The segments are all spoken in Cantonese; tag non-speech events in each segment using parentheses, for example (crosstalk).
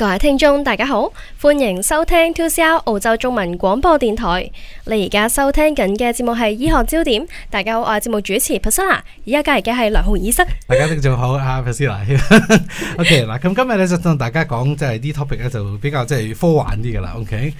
各位聽眾，大家好，歡迎收聽 2CR 澳洲中文廣播電台。你而家收聽緊嘅節目係醫學焦點。大家好，我係節目主持 Perisala。而家隔籬嘅係梁浩然醫生。大家聽眾好啊 Perisala。OK，嗱，咁今日咧就同大家講，即係啲 topic 咧就比較即係科幻啲噶啦。OK。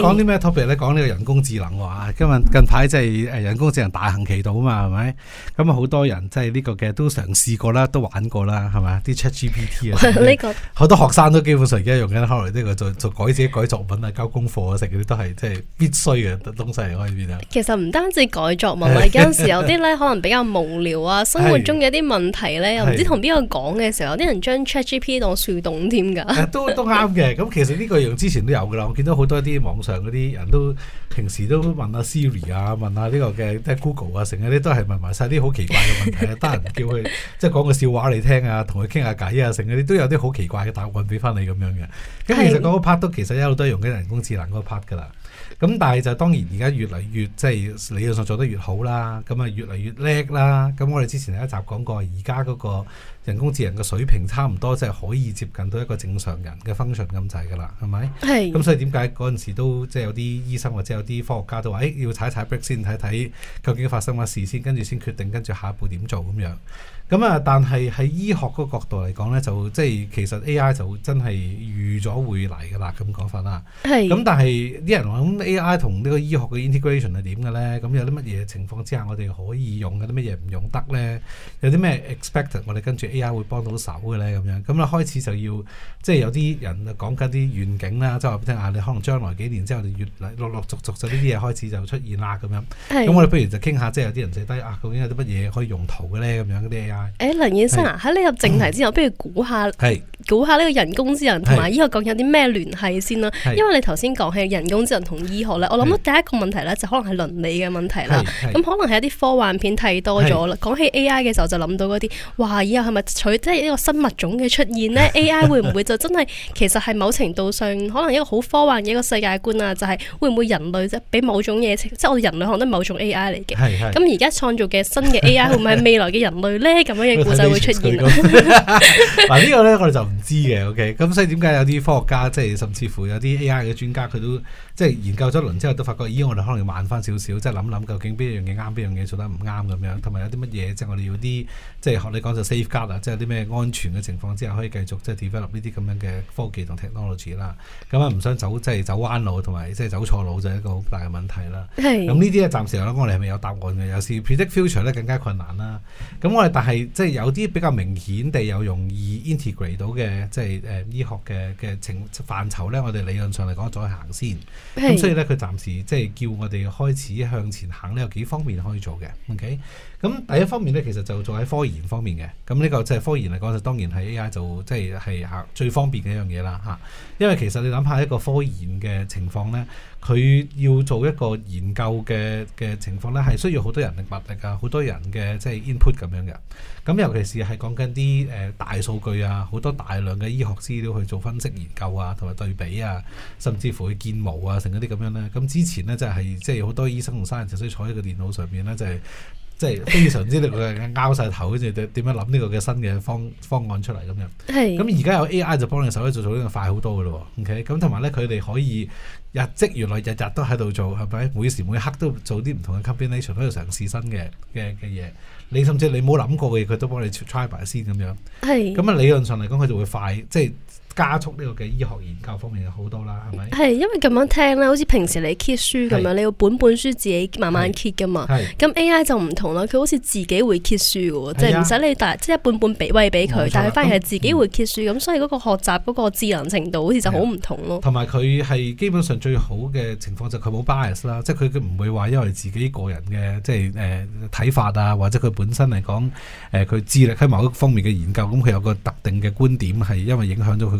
講啲咩 topic 咧？講呢個人工智能啊，今日近排即係誒人工智能大行其道啊嘛，係咪？咁啊好多人即係呢個嘅都嘗試過啦，都玩過啦，係咪？啲 ChatGPT 啊，呢個好多學生都基本上而家用緊嘅啦，可能呢個做做，做改寫、改作文啊、交功課啊，成嗰啲都係即係必須嘅東西可以變啊。其實唔單止改作文啊， (laughs) 有陣時有啲咧可能比較無聊啊，生活中有啲問題咧 (laughs) 又唔知同邊個講嘅時候，有啲人將 ChatGPT 當樹洞添噶。 (laughs) 都都啱嘅，咁其實呢個用之前都有噶啦，我見到好多啲網上嗰啲人都平時都問阿、啊、Siri 啊，問阿、啊、呢個嘅即 Google 啊，成，成日啲都係問埋晒啲好奇怪嘅問題啊，得 (laughs) 人叫佢即係講個笑話嚟聽啊，同佢傾下偈啊，成，成日都有啲好奇怪嘅答案俾翻你咁樣嘅。咁其實嗰個 part 都其實一路都用緊人工智能嗰個 part 噶啦。咁但係就當然而家越嚟越即係、就是、理論上做得越好啦，咁啊越嚟越叻啦。咁我哋之前有一集講過，而家嗰個人工智能嘅水平差唔多，即係可以接近到一個正常人嘅 function 咁滯噶啦，係咪？咁所以點解嗰陣時都即係有啲醫生或者有啲科學家都話：誒要踩一踩 break 先，睇睇究竟發生乜事先，跟住先決定，跟住下一步點做咁樣。咁、嗯、啊，但係喺醫學嗰個角度嚟講咧，就即係其實 A.I. 就真係預咗會嚟噶啦，咁講法啦。係。咁、嗯、但係啲人話咁 A.I. 同呢個醫學嘅 integration 係點嘅咧？咁有啲乜嘢情況之下我哋可以用嘅啲乜嘢唔用得咧？有啲咩 expect 我哋跟住 A.I. 會幫到手嘅咧？咁樣咁咧、嗯、開始就要即係有啲人講緊啲願景啦，即係話俾你聽啊！你可能將來幾年之後越，越嚟陸陸續續就呢啲嘢開始就出現啦咁樣。係。咁我哋不如就傾下，即係有啲人寫低啊，究竟有啲乜嘢可以用途嘅咧？咁樣啲 A.I. 誒、欸，梁醫生啊，喺你入正題之後，不如估下估下呢個人工智能同埋醫學有啲咩聯繫先啦。因為你頭先講起人工智能同醫學咧，我諗到第一個問題咧就是可能係倫理嘅問題啦。咁可能係一啲科幻片睇多咗啦。講起 A I 嘅時候就諗到嗰啲，哇，以後係咪取即係一個新物種嘅出現呢？A I 會唔會就真係 (laughs) 其實係某程度上可能一個好科幻嘅一個世界觀啊？就係、是、會唔會人類即俾某種嘢，即係我哋人類可能都係某種 A I 嚟嘅？咁而家創造嘅新嘅 A I 會唔會係未來嘅人類呢？有乜嘢就會出現。嗱、 (music) (laughs) 啊這個、呢個咧，我哋就唔知嘅。OK，咁所以點解有啲科學家，即係甚至乎有啲 AI 嘅專家，佢都～即係研究咗輪之後，都發覺，咦！我哋可能要慢翻少少，即係諗諗究竟邊樣嘢啱，邊樣嘢做得唔啱咁樣，同埋有啲乜嘢？即係我哋要啲，即係學你講就 safe guard 啊，即係有啲咩安全嘅情況之下可以繼續即係 develop 呢啲咁樣嘅科技同 technology 啦。咁啊，唔想走即係走彎路，同埋即係走錯路就係一個好大嘅問題啦。係。咁呢啲咧，暫時咧，我哋係咪有答案嘅？有時 predict future 咧更加困難啦。咁我哋但係即係有啲比較明顯地有容易 integrate 到嘅即係、呃、醫學嘅嘅情範疇咧，我哋理論上嚟講再行先。咁、嗯、所以咧，佢暫時即係叫我哋開始向前行呢，有幾方面可以做嘅。OK，咁第一方面咧，其實就做喺科研方面嘅。咁呢個即係科研嚟講，就當然係 AI 就即係係最方便嘅一樣嘢啦嚇。因為其實你諗下一個科研嘅情況咧。佢要做一個研究嘅嘅情況呢，係需要好多人力物力啊，好多人嘅即係 input 咁樣嘅。咁尤其是係講緊啲誒大數據啊，好多大量嘅醫學資料去做分析研究啊，同埋對比啊，甚至乎去建模啊，成嗰啲咁樣呢。咁之前呢，就係即係好多醫生同生人就需坐喺個電腦上面呢，就係、是。 (laughs) 即係非常之力嘅，拗晒頭，跟住點點樣諗呢個嘅新嘅方方案出嚟咁樣？係。咁而家有 AI 就幫你手咧，做做呢個快好多嘅咯喎。OK，咁同埋咧，佢哋可以日積原來日日都喺度做，係咪？每時每一刻都做啲唔同嘅 combination 喺度嘗試新嘅嘅嘅嘢。你甚至你冇諗過嘅嘢，佢都幫你 try 埋先咁樣。係。咁啊理論上嚟講，佢就會快，即係。加速呢個嘅醫學研究方面就好多啦，係咪？係，因為咁樣聽咧，好似平時你揭書咁樣，你要本本書自己慢慢揭噶嘛。係。咁 A.I. 就唔同啦，佢好似自己會揭書嘅喎，即係唔使你大即係一本本俾位俾佢，但係佢反而係自己會揭書，咁、嗯、所以嗰個學習嗰個智能程度好似就好唔同咯。同埋佢係基本上最好嘅情況就佢冇 bias 啦，即係佢唔會話因為自己個人嘅即係誒睇法啊，或者佢本身嚟講誒佢智力喺某一方面嘅研究，咁佢有一個特定嘅觀點係因為影響咗佢。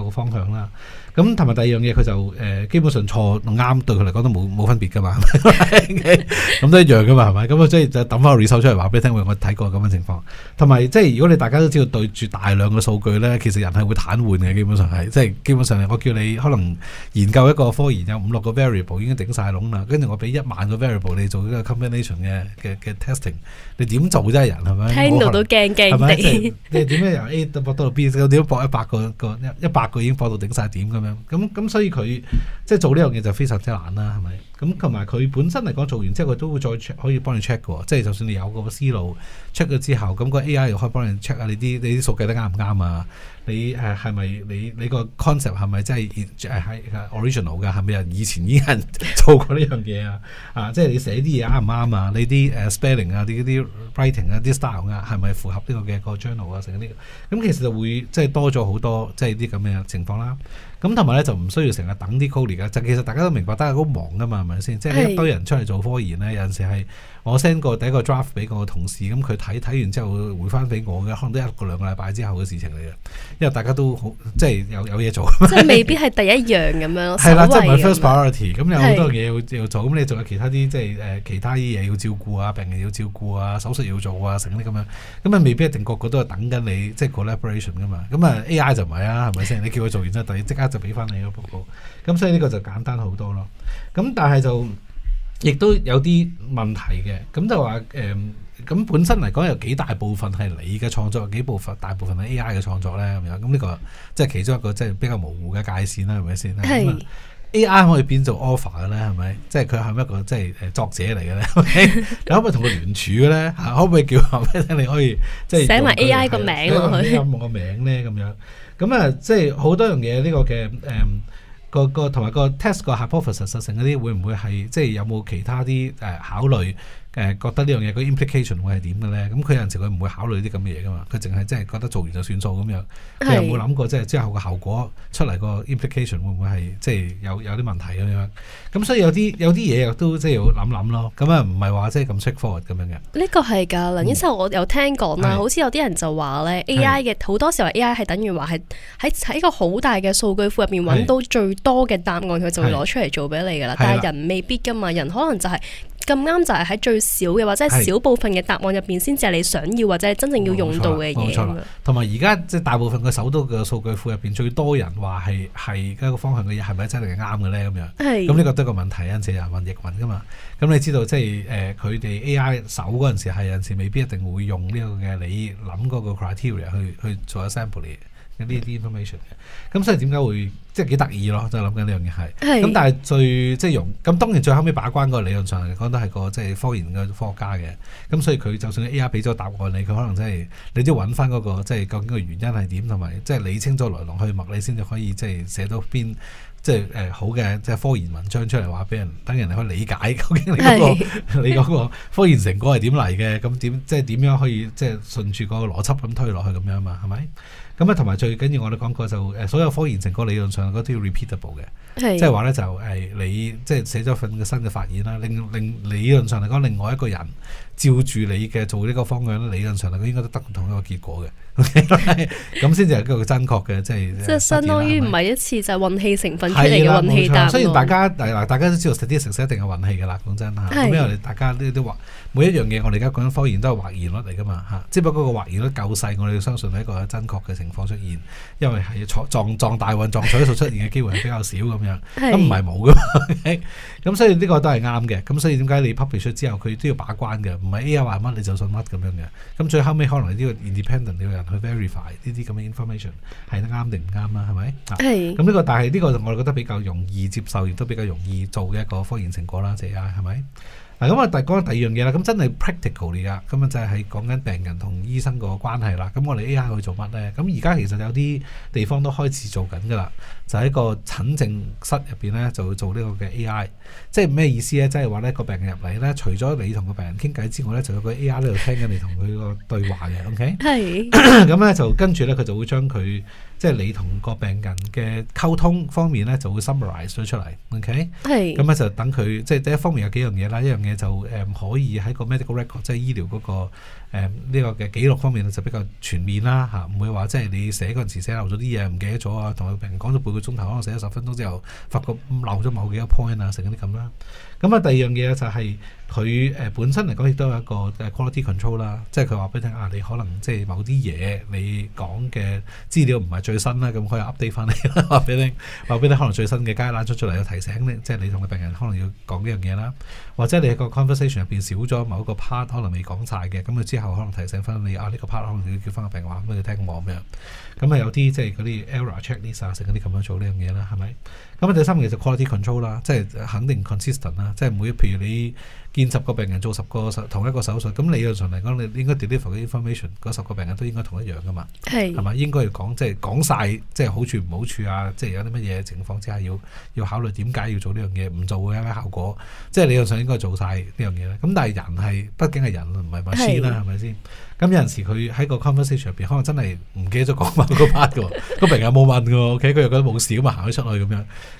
個方向啦，咁同埋第二樣嘢，佢就、呃、基本上錯啱對佢嚟講都冇冇分別噶嘛，咁 (laughs) (laughs) 都一樣噶嘛，係咪？咁啊，即係就抌翻個 research 出嚟話俾你聽，我睇過咁樣情況，同埋即係如果你大家都知道對住大量嘅數據咧，其實人係會癱瘓嘅，基本上係即係基本上係我叫你可能研究一個科研有五六個 variable 已經頂晒籠啦，跟住我俾一萬個 variable 你做一個 combination 嘅嘅嘅 testing，你點做啫？真的人係咪聽到都驚驚地？你點樣由 A 到博到到 B？咁點樣博一百個個一百？八個月已經放到頂晒點咁樣，咁咁所以佢即係做呢樣嘢就非常之難啦，係咪？咁同埋佢本身嚟講做完之後，佢都會再 check，可以幫你 check 嘅喎。即係就算你有個思路 check 咗之後，咁個 AI 又可以幫你 check 下你啲你啲數計得啱唔啱啊？你係咪你你個 concept 係咪真係 original 噶？係咪啊？以前已經做過呢樣嘢啊？ (laughs) 啊！即係你寫啲嘢啱唔啱啊？你啲 spelling 啊，你嗰啲 writing 啊，啲 style 啊，係咪符合呢個嘅個 journal 啊？成呢個咁其實就會即係多咗好多即係啲咁嘅情況啦。咁同埋咧就唔需要成日等啲科研，就其實大家都明白，大家好忙噶嘛，係咪先？即係、就是、一堆人出嚟做科研咧，有陣時係。我 send 個第一個 draft 俾個同事，咁佢睇睇完之後會回翻俾我嘅，可能都一個兩個禮拜之後嘅事情嚟嘅，因為大家都好即係有有嘢做。即係未必係第一樣咁樣咯。係 (laughs) 啦，唔係 first priority，咁有好多嘢要要做，咁你仲有其他啲即係誒其他啲嘢要照顧啊，病人要照顧啊，手術要做啊，成啲咁樣，咁啊未必一定個個都係等緊你，即係 collaboration 噶嘛。咁啊 AI 就唔係啊，係咪先？你叫佢做完之後，突然即刻就俾翻你個報告。咁所以呢個就簡單好多咯。咁但係就。亦都有啲問題嘅，咁就話誒，咁、嗯、本身嚟講有幾大部分係你嘅創作，幾部分大部分係 A I 嘅創作咧？咁樣，咁呢個即係其中一個即係比較模糊嘅界線啦，係咪先？A I 可以變做 author 嘅咧，係咪？即係佢係咪一個即係誒作者嚟嘅咧？ (laughs) (laughs) 可唔可以同佢聯署咧？嚇，可唔可以叫下咩？你可以即係寫埋 A I 個名落去，嘅名咧咁樣。咁啊，即係好多樣嘢呢個嘅誒個個同埋個 test 個 hypothesis 實成嗰啲，會唔會係即係有冇其他啲誒考慮？誒，覺得呢樣嘢個 implication 會係點嘅咧？咁佢有陣時佢唔會考慮啲咁嘅嘢噶嘛？佢淨係即係覺得做完就算數咁樣，佢又冇諗過即係之後個效果出嚟個 implication 會唔會係即係有有啲問題咁樣？咁所以有啲有啲嘢都即係要諗諗咯。咁啊，唔係話即係咁 straight forward 咁樣嘅。呢個係噶，林醫生，我有聽講啦。好似有啲人就話咧，A I 嘅好多時候 A I 係等於話係喺喺個好大嘅數據庫入邊揾到最多嘅答案，佢就會攞出嚟做俾你噶啦。但係人未必噶嘛，人可能就係、是。咁啱就係喺最少嘅或者係小部分嘅答案入面先至係你想要或者係真正要用到嘅嘢。冇錯，同埋而家即係大部分嘅首都嘅數據庫入面，最多人話係係一個方向嘅嘢，係咪真係啱嘅咧？咁樣，咁呢個都係個問題，因為人問亦問噶嘛。咁你知道即係佢哋 A I 搜嗰陣時係有陣時未必一定會用呢個嘅你諗嗰個 criteria 去去做一 sample。呢啲 information 嘅、嗯，咁所以點解會即係幾得意咯？就諗緊呢樣嘢係，咁、就是、但係最即係、就是、容。咁當然最後尾把關個理論上嚟講都係個即係、就是、科研嘅科學家嘅，咁所以佢就算 A.I. 俾咗答案你，佢可能真、就、係、是、你都要揾翻嗰個即係、就是、究竟個原因係點，同埋即係理清楚來龍去脈，你先至可以即係寫到邊即係誒好嘅即係科研文章出嚟話俾人等人哋可以理解究竟你嗰、那個 (laughs) 你嗰個科研成果係點嚟嘅？咁點即係點樣可以即係、就是、順住個邏輯咁推落去咁樣啊？嘛係咪？咁啊，同埋最緊要我哋講過就誒，所有科研成果理論上都要 repeatable 嘅，即係話咧就誒，你即係寫咗份嘅新嘅發現啦，令令理論上嚟講，另外一個人。照住你嘅做呢個方向，理論上應該都得唔同一個結果嘅，咁先至係一個真確嘅， (laughs) 即係即係相當於唔係一次 (laughs) 就運氣成分出嚟嘅運氣得。雖然大家大家都知道實驗成績一定有運氣嘅啦，講真啦。咁因為大家呢啲話每一樣嘢， (laughs) 我哋而家講緊科研都係或然率嚟噶嘛嚇。只不過個或然率夠細，我哋相信係一個真確嘅情況出現，因為係撞撞大運撞彩數出現嘅機會係比較少咁 (laughs) 樣，咁唔係冇嘛。咁 (laughs) 所以呢個都係啱嘅。咁所以點解你 publish 出之後，佢都要把關嘅？A.I. 話乜你就信乜咁樣嘅，咁最後尾可能呢個 independent 呢個人去 verify 呢啲咁嘅 information 係得啱定唔啱啦，係咪？係。咁、這、呢個但係呢個我覺得比較容易接受，亦都比較容易做嘅一個科研成果啦，即 A.I.，係咪？嗱咁啊，但講緊第二樣嘢啦，咁真係 practical 嚟啦，咁啊就係講緊病人同醫生個關係啦。咁我哋 A.I. 去做乜呢？咁而家其實有啲地方都開始做緊㗎啦。就喺個診症室入邊咧，就會做呢個嘅 AI，即係咩意思咧？即係話咧個病人入嚟咧，除咗你同個病人傾偈之外咧，就有個 AI 喺度聽緊你同佢個對話嘅，OK？係。咁咧 (coughs) 就跟住咧佢就會將佢即係你同個病人嘅溝通方面咧就會 summarize 咗出嚟，OK？係。咁咧就等佢即係第一方面有幾樣嘢啦，一樣嘢就誒、嗯、可以喺個 medical record，即係醫療嗰、那個呢、嗯這個嘅記錄方面就比較全面啦嚇，唔、啊、會話即係你寫嗰陣時寫漏咗啲嘢唔記得咗啊，同佢病人講咗半句。鐘頭可能寫咗十分鐘，之後發覺漏咗某幾個 point 啊，成嗰啲咁啦。咁啊，第二樣嘢就係佢本身嚟講，亦都有一個 quality control 啦，即係佢話俾你聽啊，你可能即係某啲嘢，你講嘅資料唔係最新啦，咁可以 update 翻你啦，話 (laughs) 俾你聽。話俾你聽，可能最新嘅 guideline 出咗嚟，有提醒你，即係你同個病人可能要講呢樣嘢啦，或者你喺個 conversation 入面少咗某一個 part，可能未講晒嘅，咁佢之後可能提醒翻你啊，呢、呢個 part 可能要叫翻個病人話咁要聽我咁樣咁啊，有啲即係嗰啲 error check list 呢啲啊，成日啲咁樣做呢樣嘢啦，係咪？咁啊第三個其實 quality control 啦，即係肯定 consistent 啦。即係每，譬如你見十個病人做十個手同一個手術，咁理論上嚟講，你應該 deliver 嘅 information，嗰十個病人都應該同一樣噶嘛，係咪？應該要講即係講晒，即係好處唔好處啊！即係有啲乜嘢情況之下要要考慮，點解要做呢樣嘢，唔做會有咩效果？即係理論上應該做晒呢樣嘢咧。咁但係人係，畢竟係人，唔係話先啦，係咪先？咁、嗯、有陣時佢喺個 conversation 入邊可能真係唔記得咗講翻嗰 part 喎，咁 (laughs) 平又冇問嘅，OK，佢又覺得冇事咁啊，行咗出去咁樣。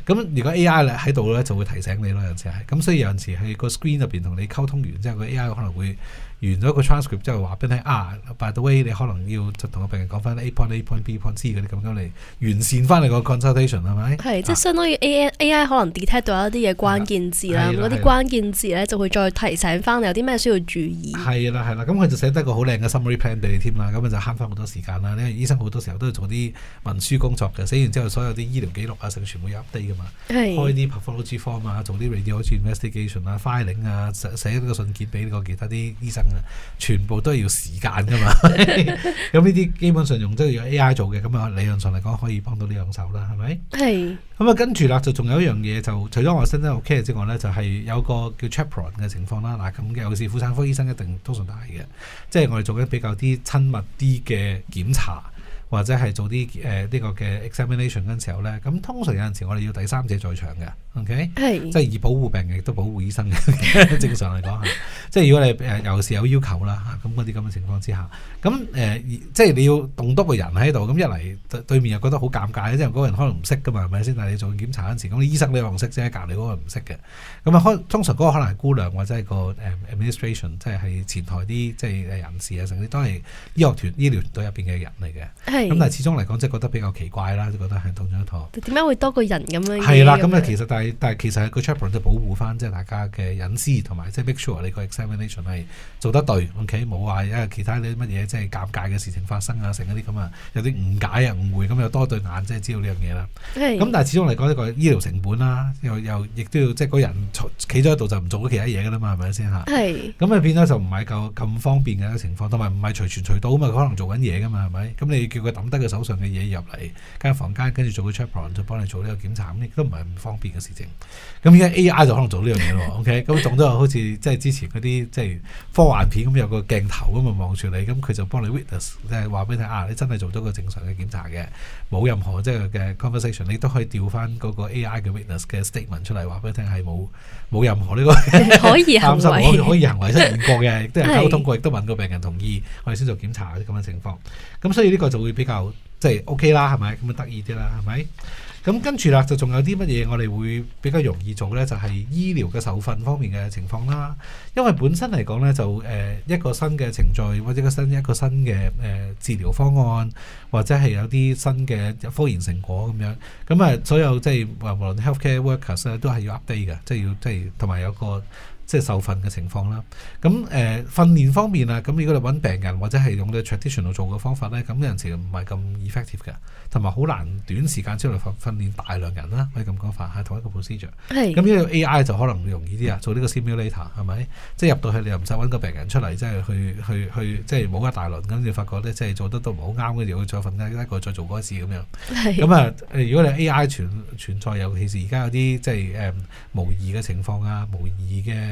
咁、嗯、如果 AI 咧喺度咧，就會提醒你咯。有陣時係，咁、嗯、所以有陣時喺個 screen 入邊同你溝通完之後， (laughs) 個 AI 可能會。完咗個 transcript 之後話俾你聽啊，by the way 你可能要就同個病人講翻 A point A point B point C 嗰啲咁樣嚟完善翻你個 consultation 係咪？係、啊、即係相當於 A A I 可能 detect 到一啲嘢關鍵字啦，嗰啲關鍵字咧就會再提醒翻你有啲咩需要注意。係啦係啦，咁佢就寫得個好靚嘅 summary plan 俾你添啦，咁咪就慳翻好多時間啦。因為醫生好多時候都要做啲文書工作嘅，寫完之後所有啲醫療記錄啊，成全部 update 㗎嘛，開啲 protocol form 啊，做啲 radio 好似 investigation 啊、filing 啊，寫呢個信件俾個其他啲醫生。全部都係要時間噶嘛，咁呢啲基本上都係用都係用 A I 做嘅，咁啊理論上嚟講可以幫到呢兩手啦，係咪？係。咁、嗯、啊，跟住啦，就仲有一樣嘢，就除咗我身身後 care 之外咧，就係、是、有個叫 chaperon 嘅情況啦。嗱，咁嘅尤其是婦產科醫生一定通常都係大嘅，即係我哋做緊比較啲親密啲嘅檢查，或者係做啲誒呢個嘅 examination 嘅時候咧，咁通常有陣時我哋要第三者在場嘅。O.K. 係即係以保護病人亦都保護醫生嘅。 (laughs) 正常嚟來講 (laughs) 即係如果你有時有要求啦，咁嗰啲咁嘅情況之下，咁、呃、即係你要棟多個人喺度，咁一嚟對面又覺得好尷尬，即係嗰人可能唔識噶嘛，係咪先？但係你做檢查嗰陣時，咁醫生你又唔識啫，隔離嗰個唔識嘅。咁啊，通常嗰個可能係姑娘或者係個 administration，即係係前台啲即係人事啊，甚至都係醫學團醫療團隊入邊嘅人嚟嘅。咁但係始終嚟講，即係覺得比較奇怪啦，覺得係棟咗一套。點解會多個人咁樣？係啦，咁其實但係其實個 chaperon 就保護翻即係大家嘅隱私同埋即係 make sure 你個 examination 係做得對，OK 冇話因為其他啲乜嘢即係尷尬嘅事情發生啊，成嗰啲咁啊，有啲誤解啊誤會咁又多對眼即係知道呢樣嘢啦。係。咁但係始終嚟講呢個醫療成本啦，又又亦都要即係嗰人企咗喺度就唔做啲其他嘢噶啦嘛，係咪先吓，係。咁啊變咗就唔係夠咁方便嘅情況，同埋唔係隨傳隨到啊嘛，佢可能做緊嘢噶嘛，係咪？咁你叫佢抌低佢手上嘅嘢入嚟間房間，跟住做個 chaperon 幫你做呢個檢查，亦都唔係唔方便嘅事。咁而家 A.I. 就可能做呢樣嘢咯，OK？咁總之好似即係之前嗰啲即係科幻片咁，有個鏡頭咁啊望住你，咁佢就幫你 witness，即係話俾你聽啊，你真係做咗個正常嘅檢查嘅，冇任何即係嘅 conversation，你都可以調翻嗰個 A.I. 嘅 witness 嘅 statement 出嚟，話俾你聽係冇冇任何呢個可以可以行為出現 (laughs) (laughs) 過嘅，都係溝通過，亦都問過病人同意， (laughs) 我哋先做檢查啲咁嘅情況。咁所以呢個就會比較。即係 OK 啦，係咪？咁啊得意啲啦，係咪？咁跟住啦，就仲有啲乜嘢我哋會比較容易做呢？就係醫療嘅受訓方面嘅情況啦。因為本身嚟講呢，就一個新嘅程序，或者個新一個新嘅、呃、治療方案，或者係有啲新嘅科研成果咁樣。咁啊，所有即係話無論 healthcare workers 呢，都係要 update 嘅，即係要即係同埋有個。即係受訓嘅情況啦，咁誒、呃、訓練方面啊，咁如果你揾病人或者係用嘅 traditional 做嘅方法咧，咁有陣時唔係咁 effective 嘅，同埋好難短時間之內訓訓練大量人啦，可以咁講法，係同一個 procedure。係。咁因為 AI 就可能容易啲啊，做呢個 simulator 係咪？即係入到去你又唔使揾個病人出嚟，即係去去去，即係舞一大輪咁，你發覺咧即係做得都唔好啱嘅時候，再瞓低一個再做嗰一次咁樣。係。咁啊、呃，如果你 AI 存存在，尤其是而家有啲即係誒模擬嘅情況啊，模擬嘅。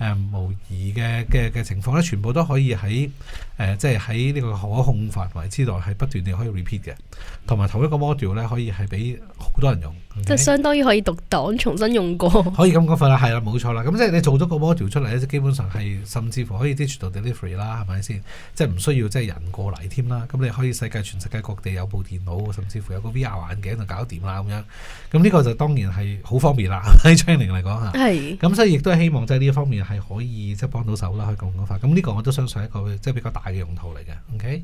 誒模擬嘅嘅嘅情況咧，全部都可以喺誒、呃、即係喺呢個可控範圍之內，係不斷地可以 repeat 嘅，同埋同一個 module 咧可以係俾好多人用，即係相當於可以讀檔重新用過，可以咁講法啦，係啦，冇錯啦，咁即係你做咗個 module 出嚟咧，基本上係甚至乎可以 digital delivery 啦，係咪先？即係唔需要即係人過嚟添啦，咁你可以世界全世界各地有部電腦，甚至乎有個 VR 眼鏡就搞掂啦，咁樣，咁呢個就當然係好方便啦，喺 training 嚟講嚇，係，咁所以亦都係希望即係呢一方面。係可以即係幫到手啦，可以咁講法。咁呢個我都相信一個即係、就是、比較大嘅用途嚟嘅。OK，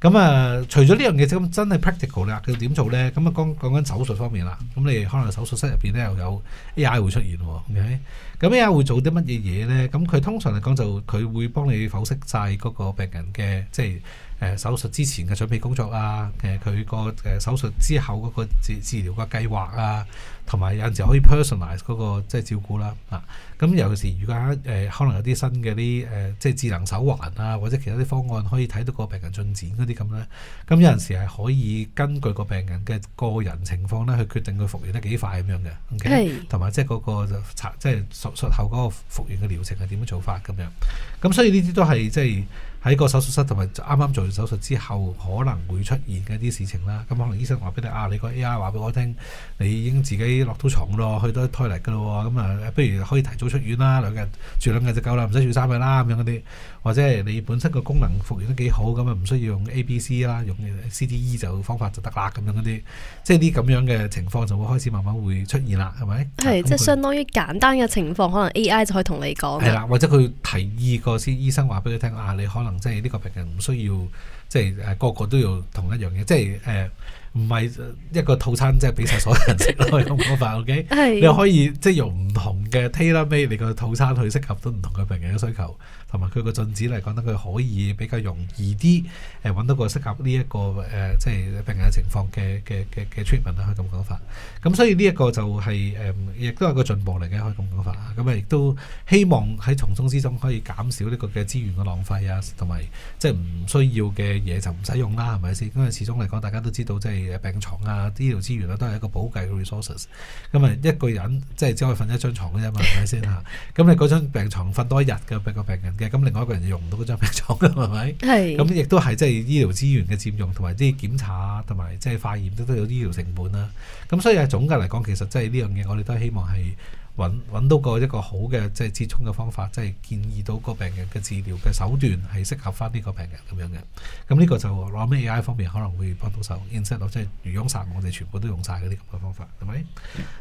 咁、嗯、啊、嗯，除咗呢樣嘢，咁真係 practical 啦。佢點做咧？咁啊，講講緊手術方面啦。咁、嗯、你可能手術室入邊咧又有 AI 會出現喎。OK，咁、嗯、AI 會做啲乜嘢嘢咧？咁、嗯、佢通常嚟講就佢會幫你剖析曬嗰個病人嘅即係。誒手術之前嘅準備工作啊，誒佢個誒手術之後嗰個治治療嘅計劃啊，同埋有陣時可以 personalize 嗰個即係照顧啦，啊，咁尤其是而家誒可能有啲新嘅啲誒即係智能手環啊，或者其他啲方案可以睇到個病人進展嗰啲咁咧，咁有陣時係可以根據個病人嘅個人情況咧去決定佢復原得幾快咁樣嘅，OK，同埋即係嗰個即係手術後嗰個復原嘅療程係點樣做法咁樣，咁所以呢啲都係即係。就是喺個手術室同埋啱啱做完手術之後，可能會出現嘅一啲事情啦。咁可能醫生話俾你啊，你個 AI 話俾我聽，你已經自己落到床咯，去到一胎嚟噶咯。咁啊，不如可以提早出院啦，兩日住兩日就夠啦，唔使住三日啦咁樣嗰啲。或者係你本身個功能復原得幾好，咁啊唔需要用 ABC 啦，用 CDE 就方法就得啦咁樣嗰啲。即係啲咁樣嘅情況就會開始慢慢會出現啦，係咪？係、啊、即係相當於簡單嘅情況，可能 AI 就可以同你講。係啦，或者佢提議個先，醫生話俾佢聽啊，你可能。即係呢個病人唔需要，即係誒個個都要同一樣嘢，即係誒。呃唔係一個套餐，即係俾晒所有人食咯，可以咁講法，OK？ (laughs) 你可以即係用唔同嘅 tailor-made 你個套餐去適合到唔同嘅病人嘅需求，同埋佢個進展嚟講，得佢可以比較容易啲，誒揾到個適合呢、這、一個誒、呃、即係病人嘅情況嘅嘅嘅嘅 treatment 可以咁講法。咁 (laughs) 所以呢一個就係、是、誒、呃，亦都係個進步嚟嘅，可以咁講法。咁咪亦都希望喺從中之中可以減少呢個嘅資源嘅浪費啊，同埋即係唔需要嘅嘢就唔使用啦，係咪先？因為始終嚟講，大家都知道即係。病床啊，醫療資源啊，都係一個補計嘅 resources。咁啊，一個人即係只可以瞓一張床嘅啫嘛，係 (laughs) 咪先嚇？咁你嗰張病床瞓多一日嘅畀個病人嘅，咁另外一個人就用唔到嗰張病床嘅，係咪？係。咁亦都係即係醫療資源嘅佔用，同埋啲檢查啊，同埋即係化驗都都有醫療成本啦。咁所以係總嘅嚟講，其實即係呢樣嘢，我哋都係希望係。揾到個一個好嘅，即係接觸嘅方法，即係建議到個病人嘅治療嘅手段係適合翻呢個病人咁樣嘅。咁呢個就攞咩 AI 方面可能會幫到手。insert (music) 即係魚翁殺，我哋全部都用晒嗰啲咁嘅方法，係咪？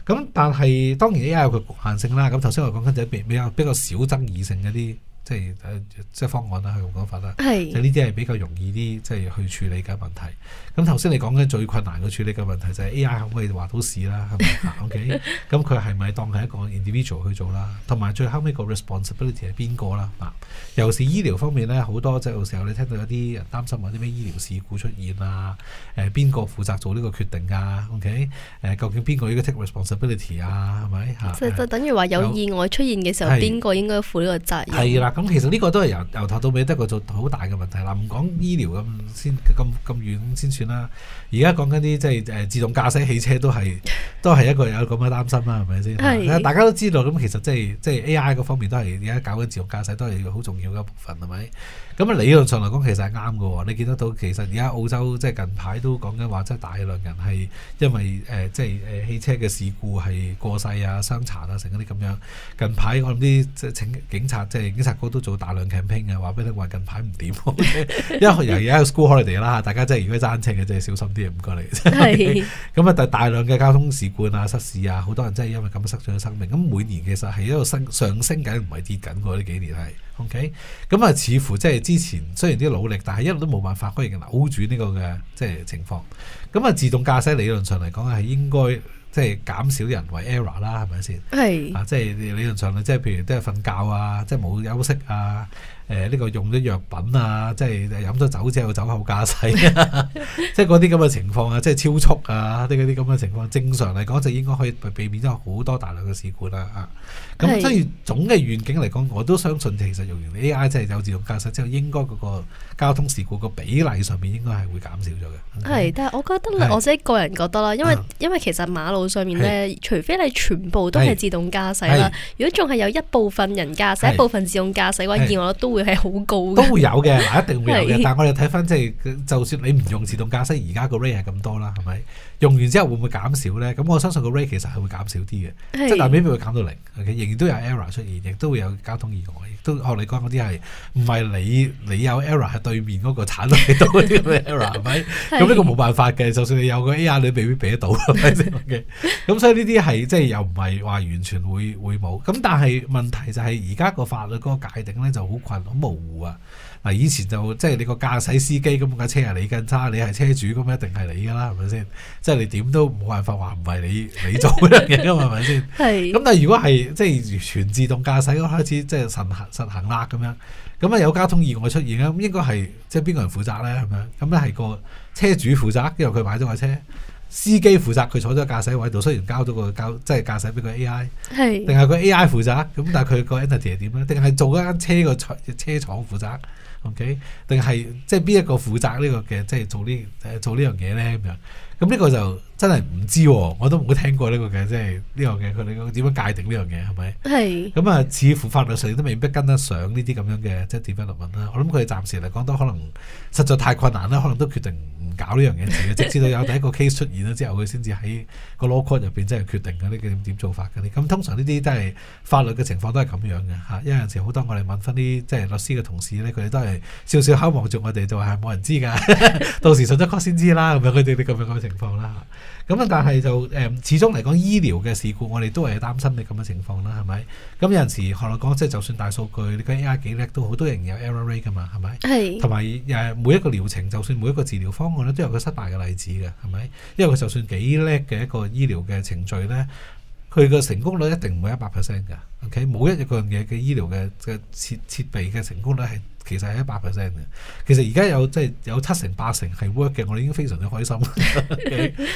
咁但係當然 AI 有佢局限性啦。咁頭先我講緊就係比較比較少爭議性嗰啲。即係即係方案啦，佢用講法啦，就呢啲係比較容易啲，即係去處理嘅問題。咁頭先你講緊最困難嘅處理嘅問題就係 AI 可唔可以話到事啦 (laughs) ？OK，咁佢係咪當係一個 individual 去做啦？同埋最後尾個 responsibility 係邊個啦？嗱、啊，尤其是醫療方面咧，好多即係有時候你聽到有啲人擔心話啲咩醫療事故出現啊，誒、呃，邊個負責做呢個決定啊？OK，呃、究竟邊個應該 take responsibility 啊？係咪嚇？就等於話有意外出現嘅時候，邊個應該負呢個責任啦。咁、嗯、其實呢個都係由由頭到尾都係一個好大嘅問題啦，唔講醫療咁先咁咁遠先算啦。而家講緊啲即係誒自動駕駛汽車都係都係一個有咁嘅擔心啦，係咪先？大家都知道咁，其實即係即係 A.I. 嗰方面都係而家搞緊自動駕駛都係好重要嘅一部分係咪？咁理論上嚟講其實係啱嘅喎。你見得到其實而家澳洲即係、就是、近排都講緊話，即、就、係、是、大量人係因為誒即係誒汽車嘅事故係過世啊、傷殘啊，成嗰啲咁樣。近排我諗啲即係請警察即係、就是、警察都做大量 campaign 嘅，話俾你聽近排唔掂，因為由於而家 school holiday 啦 (laughs) 大家真係如果揸車嘅真係小心啲唔該你。咁 (laughs) 啊，但係大量嘅交通事故啊、失事啊，好多人真係因為咁失咗生命。咁每年其實係一個上升緊，唔係跌緊喎。呢幾年係 OK，咁啊，似乎即係之前雖然啲努力，但係一路都冇辦法可以扭轉呢個嘅即係、就是、情況咁啊，自動駕駛理論上嚟講係應該即係減少人為 error 啦，係咪先？係啊，即係理論上，你即係譬如都係瞓覺啊，即係冇休息啊。誒、呃、呢、呢個用咗藥品啊，即係飲咗酒之後酒後駕駛啊， (laughs) 即係嗰啲咁嘅情況啊，即係超速啊，啲啲咁嘅情況，正常嚟講就應該可以避免咗好多大量嘅事故啦。咁雖然總嘅遠景嚟講，我都相信其實用完 A.I. 即係有自動駕駛之後，應該嗰個交通事故個比例上面應該係會減少咗嘅。係，但係我覺得我自己個人覺得啦，因為、嗯、因為其實馬路上面咧，除非你全部都係自動駕駛啦，如果仲係有一部分人駕駛一部分自動駕駛嘅話，意外都會。會係好高的，都會有嘅，嗱，一定會有嘅。 (laughs) 但係我哋睇翻即係，就算你唔用自動駕駛，而家個 rate 係咁多啦，係咪？用完之後會唔會減少咧？咁我相信個 rate 其實係會減少啲嘅，即係未必會減到零。仍然都有 error 出現，亦都會有交通意外，亦都學你講嗰啲係唔係你你有 error 係對面嗰個產物度嗰啲咁嘅 error，係咪？咁 (laughs) 呢個冇辦法嘅，就算你有個 AI，你未必避得到，係咪先？咁 (laughs) (laughs) 所以呢啲係即係又唔係話完全會會冇。咁但係問題就係而家個法律嗰個界定咧就好困。好模糊啊！嗱，以前就即係你的駕駛、那個駕駛司機咁架車係你更差，你係車主咁一定係你噶啦，係咪先？即係你點都冇辦法話唔係你你做呢樣嘢咯，係咪先？係。咁但係如果係即係全自動駕駛開始即係實行實行啦咁樣，咁啊有交通意外出現啦，咁應該係即係邊個人負責咧？係咪？咁咧係個車主負責，因為佢買咗架車。司機負責，佢坐咗駕駛位度，雖然交咗個交即係駕駛俾個 AI，定係個 AI 負責？咁但係佢個 entity 係點咧？定係做一間車個車廠負責？OK？定係即係邊一個負責、呢個、呢個嘅即係做呢誒做呢樣嘢咧咁樣？咁呢個就真係唔知、哦，我都冇聽過呢個嘅，即係呢樣嘅，佢哋點樣界定呢樣嘢係咪？係。咁啊，似乎法律上都未必跟得上呢啲咁樣嘅，即係點樣立法啦？我諗佢哋暫時嚟講都可能實在太困難啦，可能都決定唔搞呢樣嘢。直至到有第一個 case 出現咗之後，佢先至喺個 law court 入邊真係決定嗰啲點點做法㗎。咁通常呢啲都係法律嘅情況都係咁樣嘅嚇。因為有陣時好多我哋問翻啲即係律師嘅同事咧，佢哋都係笑笑口望住我哋就話係冇人知㗎， (laughs) 到時上咗 court 先知啦。咁樣佢哋情況啦，咁啊，但係就誒，始終嚟講醫療嘅事故，我哋都係擔心你咁嘅情況啦，係咪？咁有陣時學我講，即係就算大數據，你睇 AI 幾叻，都好多人有 error rate 噶嘛，係咪？係。同埋誒，每一個療程，就算每一個治療方案咧，都有個失敗嘅例子嘅，係咪？因為佢就算幾叻嘅一個醫療嘅程序咧，佢個成功率一定唔會一百 percent 噶。OK，每一各樣嘢嘅醫療嘅嘅設設備嘅成功率係。其實係一百 percent 嘅，其實而家有即係、就是、有七成八成係 work 嘅，我哋已經非常之開心了，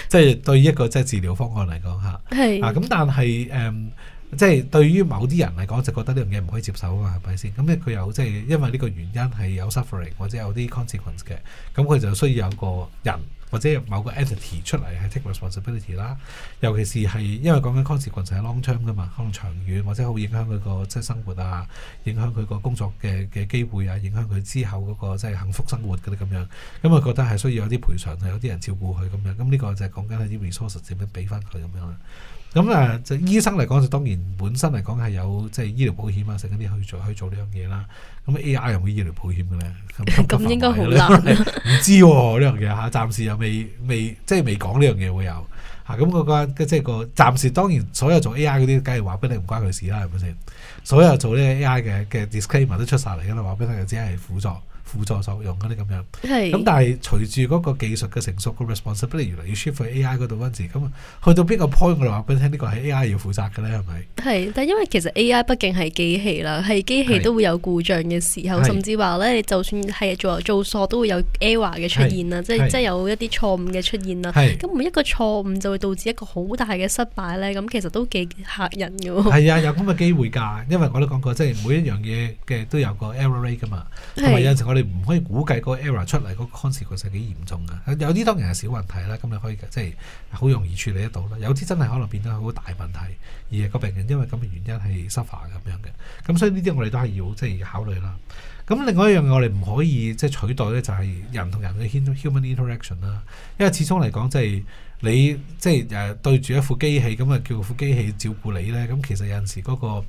即 (laughs) 係 (laughs) 對一個即係、就是、治療方案嚟講嚇。係啊，咁但係誒，即、嗯、係、就是、對於某啲人嚟講就覺得呢樣嘢唔可以接受啊，係咪先？咁因為佢有即係、就是、因為呢個原因係有 suffering 或者有啲 consequence 嘅，咁佢就需要有個人。或者某個 entity 出嚟係 take responsibility 啦，尤其是係因為講緊 consequence 係 long term 噶嘛，可能長遠或者好影響佢個即係生活啊，影響佢個工作嘅嘅機會啊，影響佢之後嗰個即係幸福生活嘅咁樣，咁我覺得係需要有啲賠償，有啲人照顧佢咁樣，咁、這、呢個就係講緊一啲 resource 點樣俾翻佢咁樣啦。咁啊，即係醫生嚟講就當然本身嚟講係有即係醫療保險啊，食嗰啲去做去做呢樣嘢啦。咁 A.I. 又冇醫療保險嘅咧？咁 (laughs) 應該好難 (laughs) 不道、啊，唔知呢樣嘢吓，暫時又未未即係未講呢樣嘢會有吓。咁、啊、嗰、那個即係個暫時當然所有做 A.I. 嗰啲，梗係話俾你唔關佢事啦，係咪先？所有做呢 A.I. 嘅嘅 Disclaimer 都出晒嚟嘅啦，話俾你知係輔助。輔助作用嗰啲咁樣，咁但係隨住嗰個技術嘅成熟，個 responsibility 原來要 shift 去 AI 嗰度嗰陣時，咁啊去到邊個 point 嘅話，我話俾你聽，呢個係 AI 要負責嘅咧，係咪？係，但因為其實 AI 畢竟係機器啦，係機器都會有故障嘅時候，甚至話咧，你就算係做做錯都會有 error 嘅出現啦，即係即係有一啲錯誤嘅出現啦。係，咁每一個錯誤就會導致一個好大嘅失敗咧。咁其實都幾嚇人嘅。係啊，有咁嘅機會㗎，因為我都講過，即係每一樣嘢嘅都有個 error rate 㗎嘛，同埋有，有時我哋。唔可以估計個 error 出嚟，個 consequence 幾嚴重嘅。有啲當然係小問題啦，咁你可以即係好容易處理得到啦。有啲真係可能變得好大問題，而係個病人因為咁嘅原因係 suffer 咁樣嘅。咁所以呢啲我哋都係要即係、就是、考慮啦。咁另外一樣我哋唔可以即係、就是、取代咧，就係、是、人同人嘅 human interaction 啦。因為始終嚟講，即、就、係、是、你即係誒對住一副機器咁啊，叫副機器照顧你咧。咁其實有陣時嗰、那個。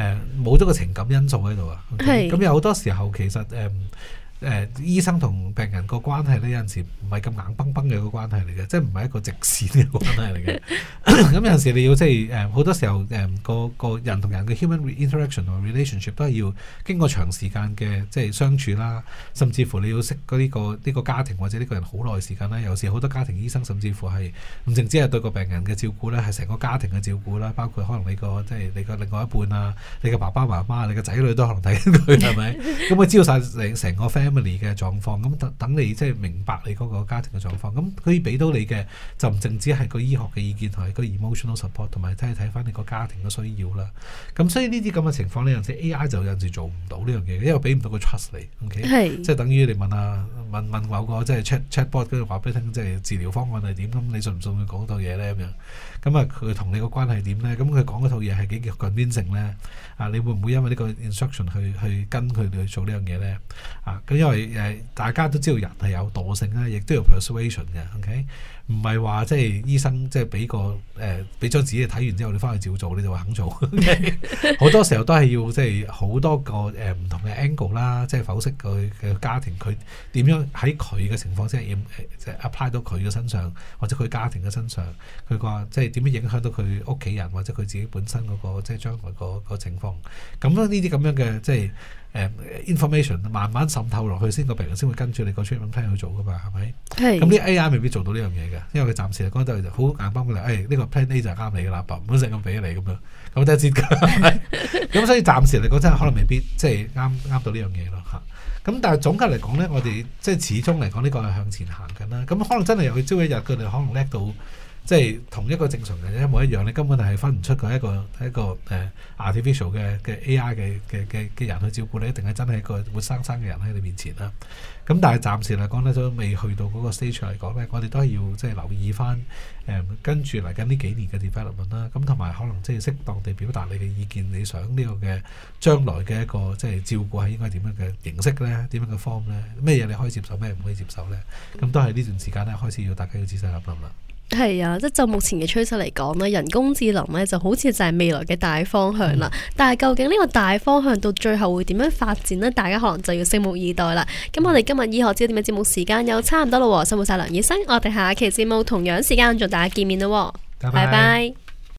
誒冇咗個情感因素喺度啊，咁有好多時候其實。嗯誒、呃、醫生同病人個關係咧，有陣時唔係咁硬崩崩嘅個關係嚟嘅，即係唔係一個直線嘅關係嚟嘅。咁 (laughs) 有陣時你要即係誒好多時候誒個、呃、個人同人嘅 human interaction or relationship 都係要經過長時間嘅即係相處啦，甚至乎你要識嗰、這、呢個呢、這個家庭或者呢個人好耐時間啦。有時好多家庭醫生甚至乎係唔淨止係對個病人嘅照顧咧，係成個家庭嘅照顧啦，包括可能你個即係你個另外一半啊，你嘅爸爸媽媽、你嘅仔女都可能睇緊佢，係 (laughs) 咪？咁、嗯、佢知道曬成成個 friend，嘅你嘅狀況，咁等等你即係明白你嗰個家庭嘅狀況，咁佢以俾到你嘅就唔淨止係個醫學嘅意見同埋個 emotional support，同埋睇睇翻你個家庭嘅需要啦。咁所以呢啲咁嘅情況呢，有時 A.I. 就有陣時做唔到呢樣嘢，因為俾唔到個 trust 你。O.K. 是即係等於你問啊問問某個即係 chat chat bot，跟住話俾你聽，即係 chat，治療方案係點？咁你信唔信佢講嗰套嘢咧？咁樣咁啊，佢同你個關係點咧？咁佢講嗰套嘢係幾 convincing 咧？啊，你會唔會因為呢個 instruction 去去跟佢哋去做呢樣嘢咧？因為誒，大家都知道人係有惰性啦，亦都有 persuasion 嘅，OK？唔係話即係醫生即係俾個誒，俾張紙你睇完之後，你翻去照做你就肯做。好，okay? (laughs) 好多時候都係要即係好多個誒唔同嘅 angle 啦，即係剖析佢嘅家庭佢點樣喺佢嘅情況之下，即係 apply 到佢嘅身上，或者佢家庭嘅身上，佢個即係點樣影響到佢屋企人，或者佢自己本身嗰、那個即係將來嗰個情況。咁、即係、樣呢啲咁樣嘅即係。即係 Um, information 慢慢滲透落去先，個病人先會跟住你個 Treatment Plan 去做噶嘛，係咪？係。咁啲 AI 未必做到呢樣嘢嘅，因為佢暫時嚟講就好硬幫工嚟，呢、哎呢個 Plan A 就係啱你嘅啦，白本身咁俾你咁樣，咁都係折嘅。咁 (laughs) 所以暫時嚟講真係可能未必即係啱啱到呢樣嘢咯嚇。咁、嗯、但係總結嚟講咧，我哋即係始終嚟講呢個係向前行緊啦。咁可能真係由佢朝一日佢哋可能叻到。即係同一個正常人，一模一樣，你根本係係分唔出佢一個一個，一個誒 artificial 嘅嘅 AI 嘅嘅嘅嘅人去照顧你，一定係真係一個活生生嘅人喺你面前啦。咁但係暫時嚟講咧，都未去到嗰個 stage 嚟講咧，我哋都係要即係留意翻、嗯、跟住嚟緊呢幾年嘅 development 啦。咁同埋可能即係適當地表達你嘅意見，你想呢個嘅將來嘅一個即係照顧係應該點樣嘅形式咧？點樣嘅 form 咧？咩嘢你可以接受，咩唔可以接受咧？咁都係呢段時間咧，開始要大家要仔細諗諗啦。係啊，即就目前嘅趨勢嚟講咧，人工智能咧就好似就係未來嘅大方向啦，嗯。但係究竟呢個大方向到最後會點樣發展呢？大家可能就要拭目以待啦。咁、嗯、我哋今日醫學焦點嘅節目時間又差唔多啦，辛苦晒梁醫生，我哋下期節目同樣時間同大家見面啦，拜拜。拜拜。